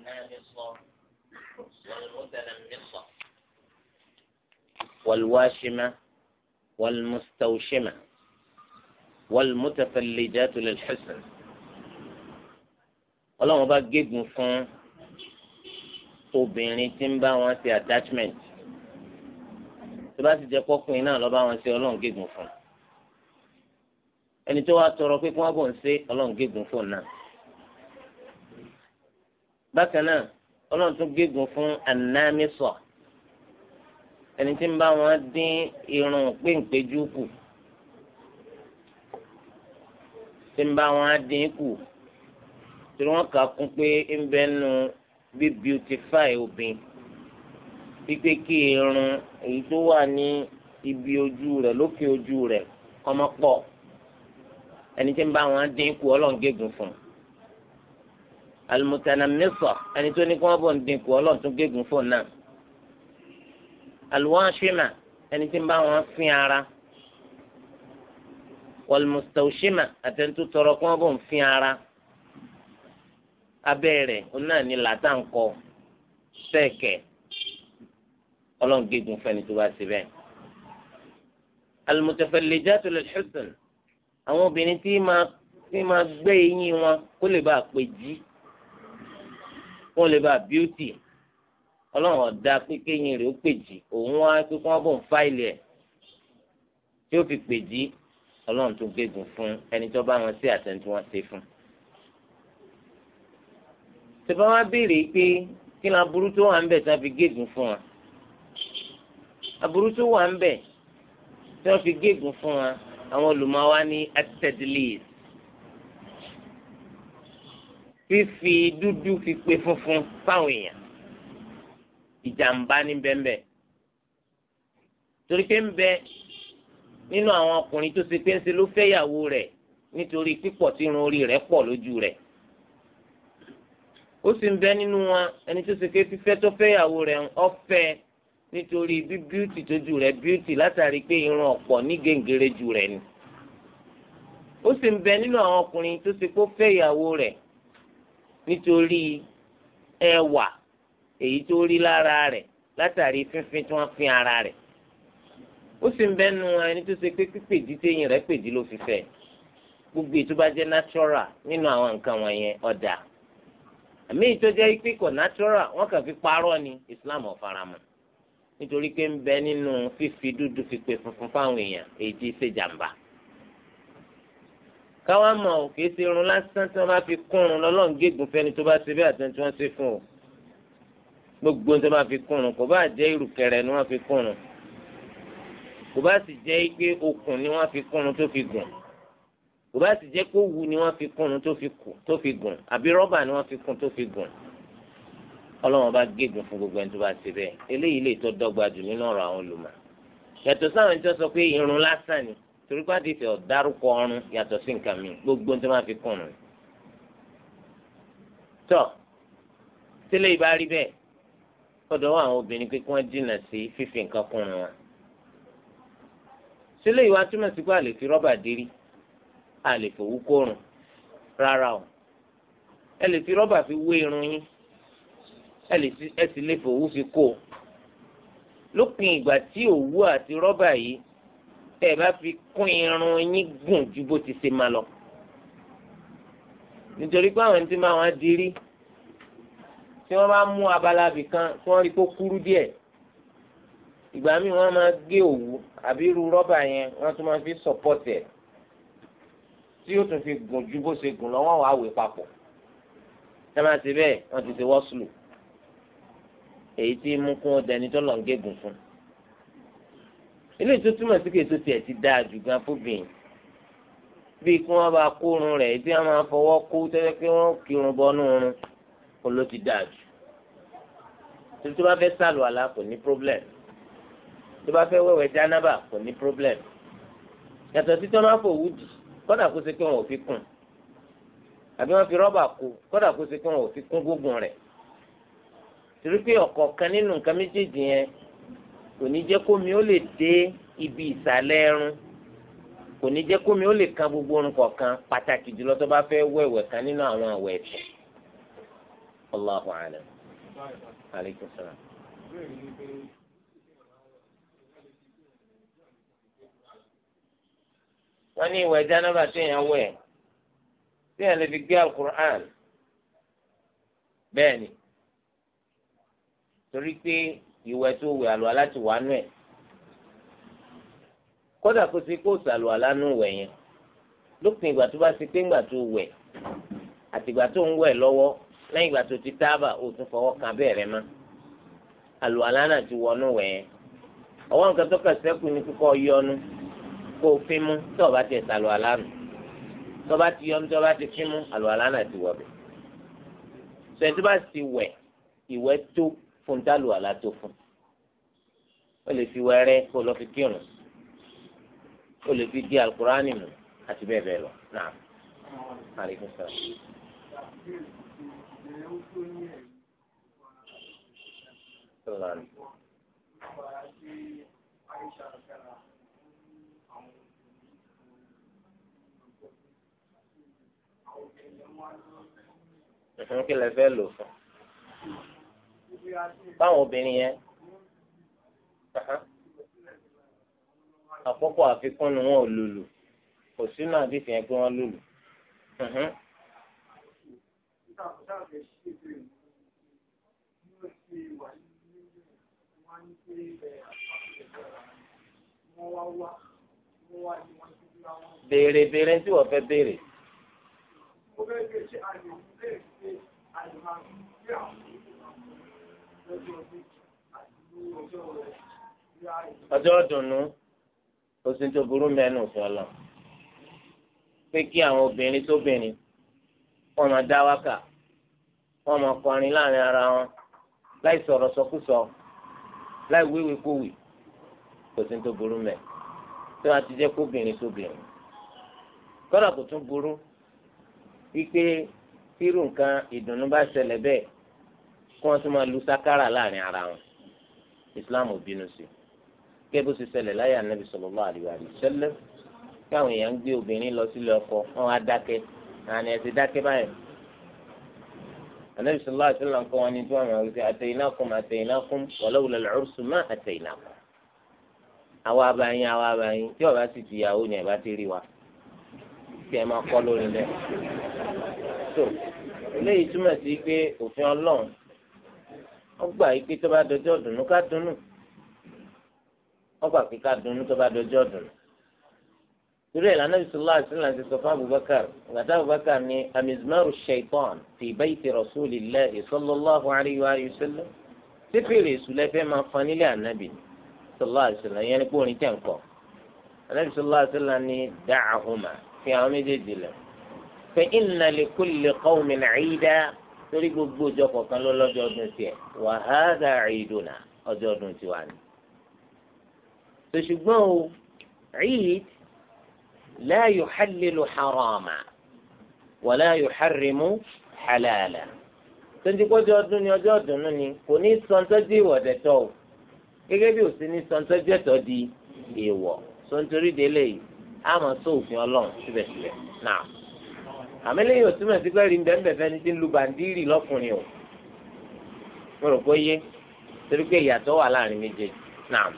والنامصة والمتنمصة والواشمة والمستوشمة والمتفلجات للحسن ọlọ́run bá gégùn fún obìnrin tí ń bá wọn ṣe attachment tó bá ti jẹ pọ́kùnrin náà lọ́ọ́ bá wọn ṣe ọlọ́run gégùn fún ẹni tó wá tọrọ pé kí wọ́n bò ń ṣe ọlọ́run gégùn fún náà bákan náà ọlọ́run tún gégùn fún anamisọ ẹni tí ń bá wọn dín irun péńpéjú kù tí ń bá wọn dín kù tí wọn kà kún pé ń bẹ nu bí beautify obìn pípé kí irun èyí tó wà ní ibi ojú rẹ̀ lókè ojú rẹ̀ kọ́mọ́pọ̀ ẹni tí ń bá wọn dín kù ọlọ́run gégùn fún un alimutanamisa ẹni tó ní kí wọ́n bọ̀ ń dínkù ọlọ́run tún gégùn fóun náà alwashima ẹni tí ń bá wọn fín ara wàlmùsítàwùsímà àtẹnudú tọrọ kí wọ́n bọ̀ ń fín ara abẹ́ rẹ̀ òun náà ní làtàǹkọ sẹ́ẹ̀kẹ̀ ọlọ́run gégùn fẹ́ni tó bá ti bẹ́ẹ̀. almutafallijatu lilhusn àwọn obìnrin tí máa gbé eyín wọn kó lè bá a pè jí kó lè bá bíútì ọlọ́run ọ̀dà pípé yín rè ó pèjì òun wá pé kí wọ́n bò ń fáìlì ẹ̀ tí ó fi pèjì ọlọ́run tó gbégun fún ẹni tó bá wọn sí àtẹni tí ṣe fún. tẹ̀fọ́ wá béèrè pé kí ni aburú tó wà ń bẹ̀ tí wọ́n fi gégùn fún wa aburú tó wà ń bẹ̀ tí wọ́n fi gégùn fún wa àwọn olùmọ̀ wa ní atẹ́dílìs fífi dúdú fi pe funfun fáwọn èèyàn ìjàmbá ní bẹ́ẹ̀nbẹ́ẹ̀ torí pé ń bẹ nínú àwọn ọkùnrin tó ṣe pé ń ṣe ló fẹ́yàwó rẹ̀ nítorí pípọ̀ tí irun orí rẹ̀ pọ̀ lójú rẹ̀ ó sì ń bẹ nínú wọn ẹni tó ṣe pé fífẹ́ tó fẹ́yàwó rẹ̀ ọ̀fẹ́ nítorí bí bíútì tójú rẹ̀ bíútì látàrí pé irun ọ̀pọ̀ ní gèǹgèrè jù rẹ̀ ni ó sì ń bẹ nínú àwọn ọkùnrin tó ṣe pé ó fẹ́yàwó rẹ̀ nítorí ẹwà èyí tó rí lára rẹ̀ látàrí fínfín tí wọ́n fín ara rẹ̀ ó sì ń bẹ́nu ẹni tó ṣe pé pípèdí téyìn rẹ̀ pèdí ló fi fẹ́ gbogbo ètò bá jẹ́ natural nínú àwọn nǹkan wọ̀nyẹn ọ̀dà àmì ìtọ́jẹ́ pé kò natural wọ́n kàn fi parọ́ ni Islam ọ̀faramọ́ nítorí pé ń bẹ nínú fífi dúdú fi pè funfun fáwọn èèyàn èyí tí ṣe jàǹbá káwọn mọ̀ ò kìí ṣe irun lásán tí wọ́n bá fi kúrun lọ́lọ́run gégùn fẹ́ni tó bá ṣe bẹ́ẹ̀ àti ẹni tí wọ́n ṣe fún o gbogbo tó bá fi kúrun kò bá jẹ́ ìrùkẹ̀rẹ̀ ni wọ́n fi kúrun kò bá sì jẹ́ pé okùn ni wọ́n fi kúrun tó fi gùn kò bá sì jẹ́ pé òwú ni wọ́n fi kúrun tó fi gùn àbí rọ́bà ni wọ́n fi kún tó fi gùn ọlọ́run bá gégùn fún gbogbo ẹni tó bá ṣe bẹ́ẹ̀ eléyìí lè tó dọ́gba jù nínú ọ̀rọ̀ àwọn olùmọ̀ yàtọ̀ sáwọn ẹni tó sọ pé irun lásán ni torí pé àdìsí ọ̀dárúkọ ọrùn yàtọ̀ sí nǹkan mi gbogbo tó máa fi kùn un. tọ́ tẹ́lẹ̀ ìbá rí bẹ́ẹ̀ ọ̀dọ̀ àwọn obìnrin pé kí wọ́n dínà sí fífi nǹkan kùn un wọn. sílẹ̀ ìwà túmọ̀ sí pé a lè fi rọ́bà dírí a lè fòwú kórun rárá o ẹ lè fi rọ́bà fi wé irun yín ẹ sì lè fòwú fi kó o lópin ìgbà tí òwú àti rọ́bà yìí tẹ́ ẹ bá fi kún irun yín gùn ju bó ti ṣe máa lọ nítorí pé àwọn tí máa wọn dirí tí wọ́n bá mú abala bì kan tí wọ́n rí kó kúrú díẹ̀ ìgbà míì wọ́n máa gé òwú àbí irú rọ́bà yẹn wọ́n tún máa fi sọ̀pọ̀tì ẹ̀ tí yóò tún fi gùn ju bó ṣe gùn lọ́wọ́ wàá wé papọ̀ ẹ máa ṣe bẹ́ẹ̀ wọ́n ti ṣe wọ́sùlù èyí tí mú kún ọdẹ ẹni tó lọ ń gégùn fún un eléyìí tó túmọ̀ sí kí èso tiẹ̀ ti dáa jù gan fóbìnrin bíi kí wọ́n bá kórun rẹ̀ tí wọ́n máa fọwọ́ kó tẹ́lẹ̀ pé wọ́n kírun bọ́nú oorun kó ló ti dáa jù torí tó bá fẹ́ sàlù àlá kò ní problem tó bá fẹ́ wẹ̀wẹ̀ jánábà kò ní problem yàtọ̀ sí tọ́lá fò wúdì kọ́dà kó ṣe pé wọn ò fi kùn àbí wọ́n fi rọ́bà kó kọ́dà kó ṣe pé wọn ò fi kún gógùn rẹ̀ torí pé ọ̀kọ̀ọ̀kan nínú nǹkan méjèèjì yẹn kò ní jẹ́ kómi ó lè dé ibi ìsàlẹ̀ ẹrun kò ní jẹ́ kómi ó lè kan gbogbo orun kọ̀ọ̀kan pàtàkì jùlọ tó bá fẹ́ wẹ̀wẹ̀ kan nínú àwọn àwẹ̀ ẹ̀fẹ̀. Allahu alam. Aleykum salaam. wọ́n ní ìwẹ̀ jánábà tó yàn wẹ̀ tí yàn lè fi gbé alukur'an bẹ́ẹ̀ ni torí pé ìwẹ̀ tó wẹ̀ àlùwà láti wà nù ẹ̀ kódà kó ti kó sàlùwà lánú wẹ̀ yẹn lópin ìgbà tó bá ti pé ńgbà tó wẹ̀ àtìgbà tó ń wẹ̀ lọ́wọ́ lẹ́yìn ìgbà tó ti tábà ó tún fọwọ́ kan bẹ́ẹ̀rẹ̀ mọ́ àlùwà lánà ti wọnú wẹ̀ yẹn ọwọ́ nǹkan tó kà sẹ́kù ní kíkọ́ yọnu kó o mú tó o bá sàlùwà lánà tó o ti yọnu tó o ti fi mú àlùwà lánà ti wọ̀ bẹ̀ sọ̀rọ̀ tó bá ti wẹ̀ ìwẹ̀ tó fún un tálù àlá tó fún un ó lè fi wẹ́rẹ́ kó lọ fi kírun ó lè fi di alukurani mu àti bẹ́ẹ̀ bẹ́ẹ̀ lọ náà maaleykum salaam. Sọláàni. Ìfúnkìlẹ̀ fẹ́ lò fún báwọn obìnrin yẹn àkókò àfikún ni wọn ò lòlò kò sínú àdìsí yẹn pé wọn lòlò. béèrè béèrè tí wọ́n fẹ́ béèrè. mo fẹ́ gbé ṣe àyè òun lè ṣe àyè máa ń gbé àwọn. ọjọ́ ọ̀dùnnú oṣù tó burú mẹ́nu òfin pé kí àwọn obìnrin tóbìnrin wọn máa dá wákà wọn máa kọrin ara wọn láì sọ̀rọ̀ sọkúsọ láì wéwèé kówèé oṣù tó ti jẹ́ kóbìnrin tóbìnrin kọ́dà kò tún burú wípé irú nǹkan ìdùnnú bá kí wọ́n tún máa lu sákàrà láàrin ara wọn islam ò bínú sí gẹ́gẹ́ bó ṣe ṣẹlẹ̀ láyé anabi sallallahu alaihi wasallam kí àwọn èèyàn ń gbé obìnrin lọ sílé ọkọ wọn á dákẹ́ àní ẹ̀sìn dákẹ́ báyìí anabi sallallahu alaihi wasallam kọ́ wọn ní tí wọ́n máa wípé ataynakum ataynakum walau lal ursu ma ataynakum àwa abayin àwa abayin tí ọba sì ti yàwó ni ẹ̀ ti rí wa kí ẹ máa kọ́ lórí lẹ́yìn tó eléyìí túmọ̀ sí pé òfin ọlọ́run wọ́n gbà yí pé tó bá dọjọ́ dùnú ká dùnú wọ́n gbà pé ká dùnú tó bá dọjọ́ dùnú. torí ẹ̀ lànà bisalòlá àṣìlá ti sọ fún abubakar gbàtà abubakar ní amizmaru shaitan fi bayti rasulillahi sallallahu alayhi wa sallam tí fèrè ìṣúlẹ̀ fẹ́ máa fan nílé ànábì sallallahu alayhi wa sallam yẹn ni pé orin tẹ̀ ń kọ́ torí gbogbo ìjọ kọ̀ọ̀kan ló lọ́jọ́ ọdún tiẹ̀ wa hadha ìdùnà ọjọ́ ọdún tiwa ni. ṣùgbọ́n o Eid la yuhallilu harama wa la yuharrimu halala. tonti kọjọ ọdún ni ọjọ́ ọdún ni kò ní sọ̀ntọ́jú ìwọ̀dẹ̀ tọ́ o gẹ́gẹ́ bí òsì ní sọ̀ntọ́jú ẹ̀tọ́ di èèwọ̀ sọ̀ntorí délé yìí àmọ́ sóòfin ọlọ́run síbẹ̀síbẹ̀ náà àmì lẹ́yìn òtúmọ̀ sí pé rí bẹ́ẹ̀ fẹ́ni tí ń lu bàndírì lọ́kùnrin o mo rò pé yé torí pé ìyàtọ̀ wà láàrin méjèèjì náà.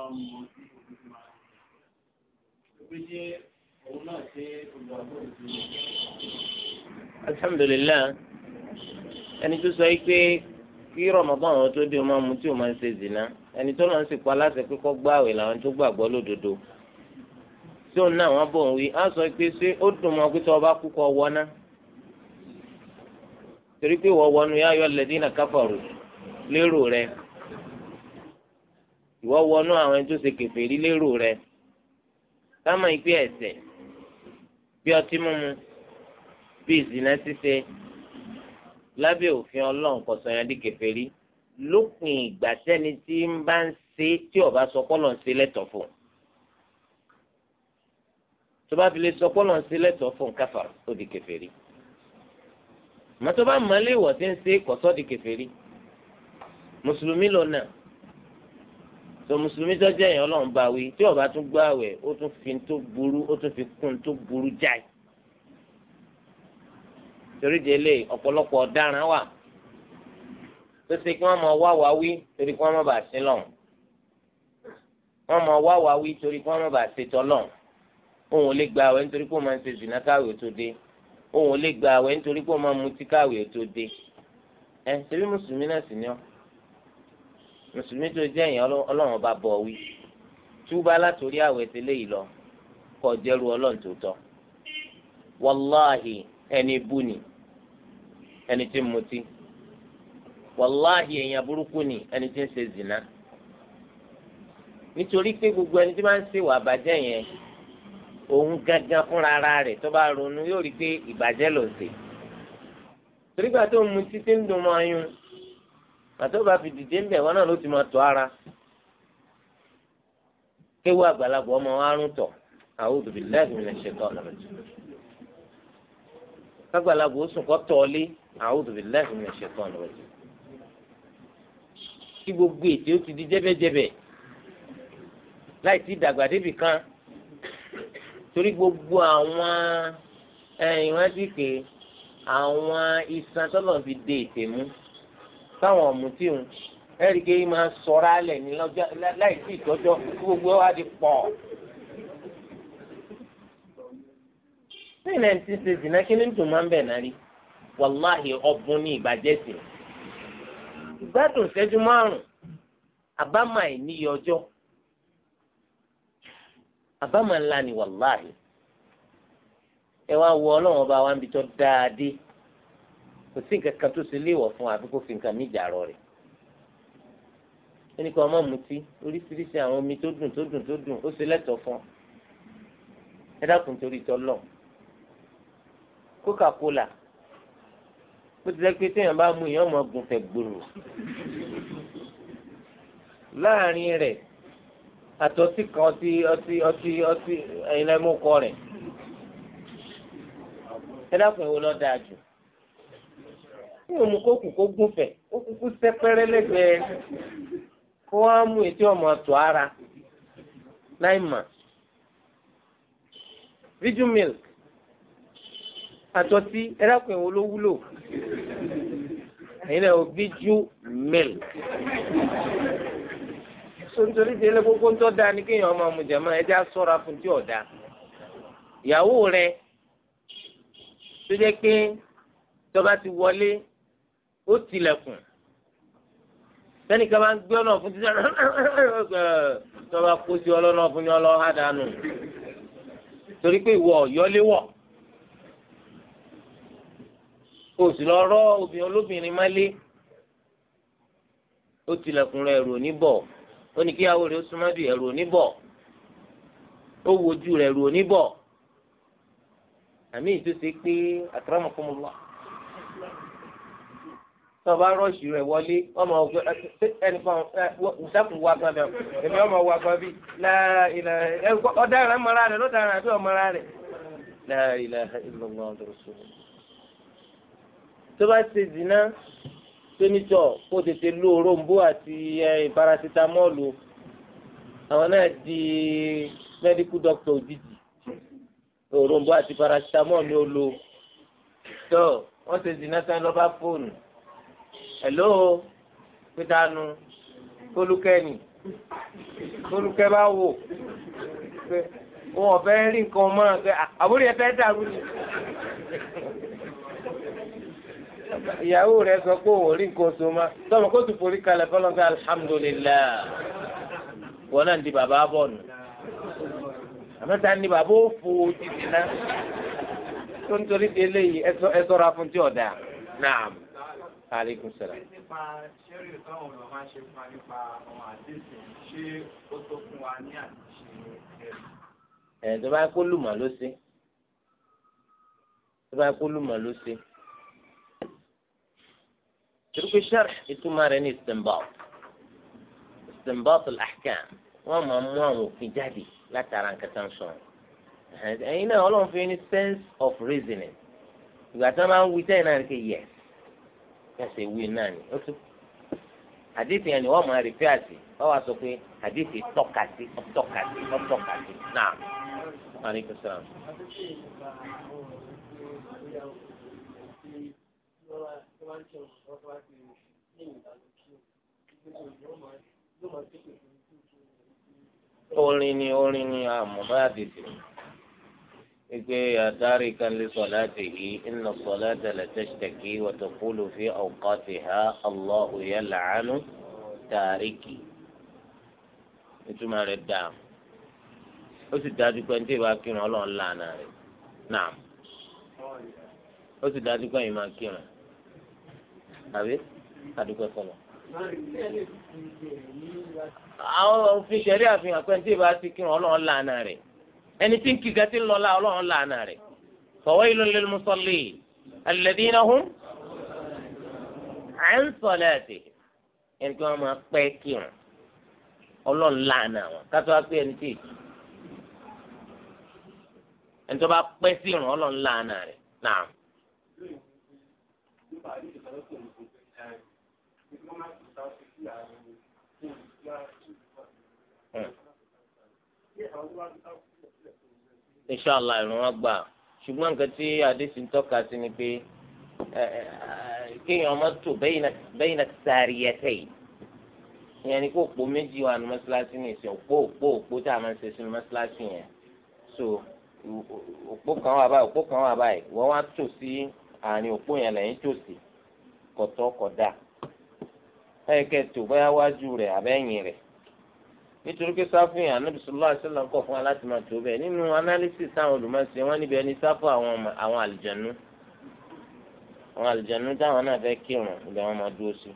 Thank alhamdulilayi ẹni tó sọ yìí pé kí Ramadan àwọn tó dé o máa mu tí o máa ń ṣe zina ẹni tó lọ́n sì pa aláṣẹ pé kó gbààwẹ̀ làwọn tó gbàgbọ́ lódodo tí òun náà wọ́n bọ̀ ń wí á sọ pé ṣé ó dùn mọ́ pé tó o bá kú kọ́ wọ́n ná torí pé wọ́n wọnú yá yọ lẹ́dínà káfọ̀rù lérò rẹ ìwọ́ wọnú àwọn ẹni tó ṣe kèfèrí lérò rẹ kama ìgbé ẹ̀ṣẹ̀ bí ọtí mímu bí ìzìnà ṣíṣe lábẹ́ òfin Ọlọ́run kò sọ yẹn di kèfèrí lópin ìgbà sẹ́ni tí ń bá ń ṣe tí ọba sọ pọlọ ń ṣe lẹ́tọ̀ọ́ fún tó bá fi lè sọ pọlọ ń ṣe lẹ́tọ̀ọ́ fún káfà ó di kèfèrí mọtò bá mọlẹ tí ń ṣe kọsọ di kèfèrí mùsùlùmí lọ náà tó mùsùlùmí tó jẹ́ èèyàn Ọlọ́run bá wí tí ó bá tún gbààwẹ̀ ó tún fi tó burú ó tún fi kún tó burú jáì torí délé ọ̀pọ̀lọpọ̀ ọ̀daràn wà tó ṣe kí wọ́n mọ wá wá wí torí kí wọ́n má bàa sin lọ́hùn wọ́n mọ wá wá wí torí kí wọ́n má bàa ṣetọ́ lọ́hùn òun ò lè gba àwẹ̀ nítorí pé òun máa ń ṣe zùnà káwé tó dé òun ò lè gba àwẹ̀ nítorí pé òun máa ń mutí káwé tó dé ẹ̀ ṣe bí mùsùlùmí náà sì ni ọ́ mùsùlùmí tó jẹ́ èèyàn ọlọ́run ọba bọ̀ wí túbá látòrí àwẹ̀ tẹ́lẹ̀ yìí lọ kọ́ jẹ́rú ọlọ́run tó tọ́ wàláhì ẹni bú ni ẹni tí ń mutí wàláhì èèyàn burúkú ni ẹni tí ń ṣe zìnà nítorí pé gbogbo ẹni tí máa ń ṣe wà yẹn òun gangan fúnra ara rẹ̀ tó bá ronú yóò rí pé ìbàjẹ́ ló ń ṣe torígbà tó ń mutí tí ń dùn mọ́ ayún màtó bá fi dìde ńbẹ wọn náà ló ti máa tọ ara kéwú àgbàlagbà ọmọ arún tọ a'udhu billahi minash shaitanir rajim kágbàlagbà ó sùn kọ tọọlé a'udhu billahi minash shaitanir rajim kí gbogbo ètè ó ti di jẹbẹjẹbẹ láì tí dàgbà débì kan torí gbogbo àwọn ẹ̀yìn wọn ti pè àwọn iṣan tọlọ fi de ètè mú. sáwọn ọ̀mùtí òun ẹ̀rí pé máa sọ̀rọ̀ alẹ̀ ní lọ́jọ́ láì sí gbogbo wa di pọ̀. sínú ẹni tí ń ṣe kí ni ń máa ń bẹ̀ náà rí wàláhì ọ̀bùn ní ìbàjẹ́ sí i. ìgbádùn ìṣẹ́jú márùn-ún àbámà ìníyẹ ọjọ́ ni wàláhì ẹ wá wo ọlọ́run ọba wa ń kò sí nǹkan kan tó ṣe léèwọ̀ fún wa àbí kó fi nǹkan míjà rọ rẹ̀ ẹnì kan ọmọ mutí oríṣiríṣi àwọn omi tó dùn tó dùn tó dùn ó ṣe lẹ́tọ̀ọ́ fún ẹ dákun torí tọ́lọ̀ Coca-Cola bó ti jẹ́ pé téèyàn bá mú ìyàn ọmọ ogun fẹ̀ gbòòrò láàrin rẹ̀ àtọ́tí kan ọtí ọtí ọtí ọtí ẹ̀yin lẹ́mú kọ rẹ̀ ẹ dákun ìwo lọ́ọ́ dáa jù kí òun kó kù kó gúnfẹ̀ ó kúkú sẹ́pẹ́rẹ́ lẹ́gbẹ̀ẹ́ kó wá mú etí ọmọ tó ara láì mà. Viju milk àtọ́sí ẹ̀rọ̀pẹ̀ wo ló wúlò ẹ̀yin náà ò Viju milk. Sontori ti ilé gbogbo ń tọ́ da ni kéèyàn ọmọ ọmọ jẹ̀mọ́ ẹja sọ́ra fún tí ọ̀dà. Ìyàwó rẹ̀ tó jẹ́ pé tọ́ba ti wọlé ó tilẹ̀kùn sẹ́nìkan máa ń gbé ọ̀nà fún títí bá kó sí ọlọ́nà fún ní ọlọ́ha dànù torí pé ìwọ ọ̀yọ́léwọ̀ oṣù lọ́rọ́ obìnrin olóbìnrin má lé ó tilẹ̀kùn rẹ̀ rò ó ní kíyàwó rẹ̀ ó súnmọ́ bí ó wojú rẹ̀ rò tó o bá rọ́ọ̀ṣì rẹ̀ wọlé ọmọ ọgbẹ́ ẹnìkan ṣẹ́kù wá kan dàn èmi ọmọ wá kan bí ọ̀daràn mọ́ra rẹ̀ lọ́daràn àbí ọmọra rẹ̀ tó bá ṣe zina sẹ́nitọ̀ kó tètè lo òrombó àti parasitamọ́ọ̀lù àwọn náà di medical doctor òjijì òrombó àti parasitamọ́ọ̀lù ni ó lo tó wọ́n ṣe zina sáyẹn lọ́ba fóònù hello pétánu kólúkẹ́ni kólúkẹ́ bá wò pé wọn ọ̀fẹ́ rí nǹkan mọ́ pé àbúrò yẹn fẹ́ dàrú ni ìyàwó rẹ sọ pé òun rí nǹkan oṣù ma sọmọ kó tún forí kalẹ̀ fọlọ́fẹ́ alihamudulilayi wọn náà di bàbá bọ̀ nù àmọ́ta ni bàbá ó fo títí náà tó ń torí délé yìí ẹ ṣọ́ra fún tí ọ̀dà náà aleykum salaam. nípa ṣẹ́rí táwọn ọ̀rọ̀ máa ṣe fún wa nípa àwọn àdéhùn ṣé ó tó fún wa ní àtúnṣe ẹ̀rí. ẹ̀ tó bá kó lùmọ̀ ló ṣe tó bá kó lùmọ̀ ló ṣe. ترك الشرح ìtumọ̀ rẹ̀ ní استنباط استنباط الأحكام wọ́n máa mú àwọn òfin jáde látara nǹkan tá à ń sọ ẹ̀yin náà ọlọ́run fi ní sense of reasoning ìgbà tí wọ́n máa ń wí tẹ́yìn náà ní kí yes kẹsẹ̀ wí náà ni ó tún àdìsí yẹn ni wọ́n máa rí pẹ́àsì wọ́n wá sọ pé àdìsí tọ́ka sí tọ́ka sí tọ́ka sí náà. maaleykum salaam. orin ni orin ni àmọ́ bá àdìsí. إيه تاركا لصلاته إن الصلاة لتشتكي وتقول في أوقاتها الله يلعن تاركي إنتم الدعم أسدادك أنت باكين الله لعنة نعم أسدادك أنت باكين àbí àdúgbò sọlọ. àwọn òfin ṣẹ̀rí àfihàn pé ní tí ìbá ti kírun ọlọ́run lànà rẹ̀ ẹni tí ń kí gàtí ń lọ́la ọlọ́run làánà rẹ̀ fawailun lil musallin alladhina hum an salatihim ẹni tí wọ́n máa pẹ́ kírun ọlọ́run làánà wọn kátó wá pé ẹni tí ẹni tó bá pẹ́ sí ọlọ́run làánà rẹ̀ náà. Hmm inshàlá ìrun wọn gbà ṣùgbọ́n nǹkan tí adéṣin tọ́ka sí ni pé kéèyàn ọmọ tó bẹ́yìn náà sáré ẹsẹ̀ yìí ìyẹn ni kó òpó méjì wà ní mọ́ṣáláṣí ní ìsìn òpó òpó òpó tá a máa ń ṣe sínú mọ́ṣáláṣí yẹn so òpó kan wà báyìí òpó kan wà báyìí wọ́n wá tò sí àárín òpó yẹn lẹ́yìn tò sí kọ̀tọ́ kódà ẹ̀kẹ́ tó bóyá wájú rẹ̀ àbẹ́yìn rẹ̀ nítorí pé sáfù yẹn anabi sọlá àṣẹlá kọ fún wa láti máa tó bẹ́ẹ̀ nínú analysis táwọn olùmọ̀ọ́sẹ̀ wọn níbi ẹni sáfù àwọn àlìjẹ̀nu àwọn àlìjẹ̀nu táwọn náà fẹ́ kírun ìgbà wọn máa dúró sí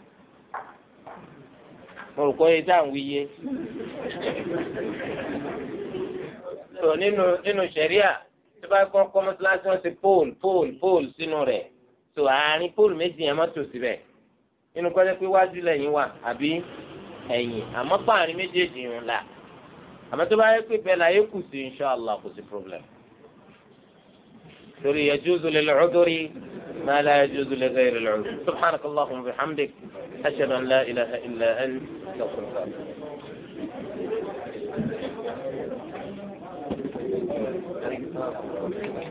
mo rò pé yìí táwọn wíyé tó nínú nínú sẹ̀ríà tó bá kọ́ kọ́ mọ́tíláṣí wọn ti pole pole pole sínú rẹ̀ tó àárín pole méjì yẹn mọ́tò síbẹ̀ nínú kọ́jọ́ pé wájú lẹ́yìn wà àbí ẹ̀yìn àmọ́ páàrin méjèèjì ń la àmọ́ tó bá yẹ pé bẹ́ẹ̀ la yẹ kù sí inṣàlá kò sí problem torí yajuzu lil udri máa la yajuzu li ghayri al udri subhanaka allahumma wa bihamdik ashhadu an la ilaha illa an astaghfiruka. Thank you.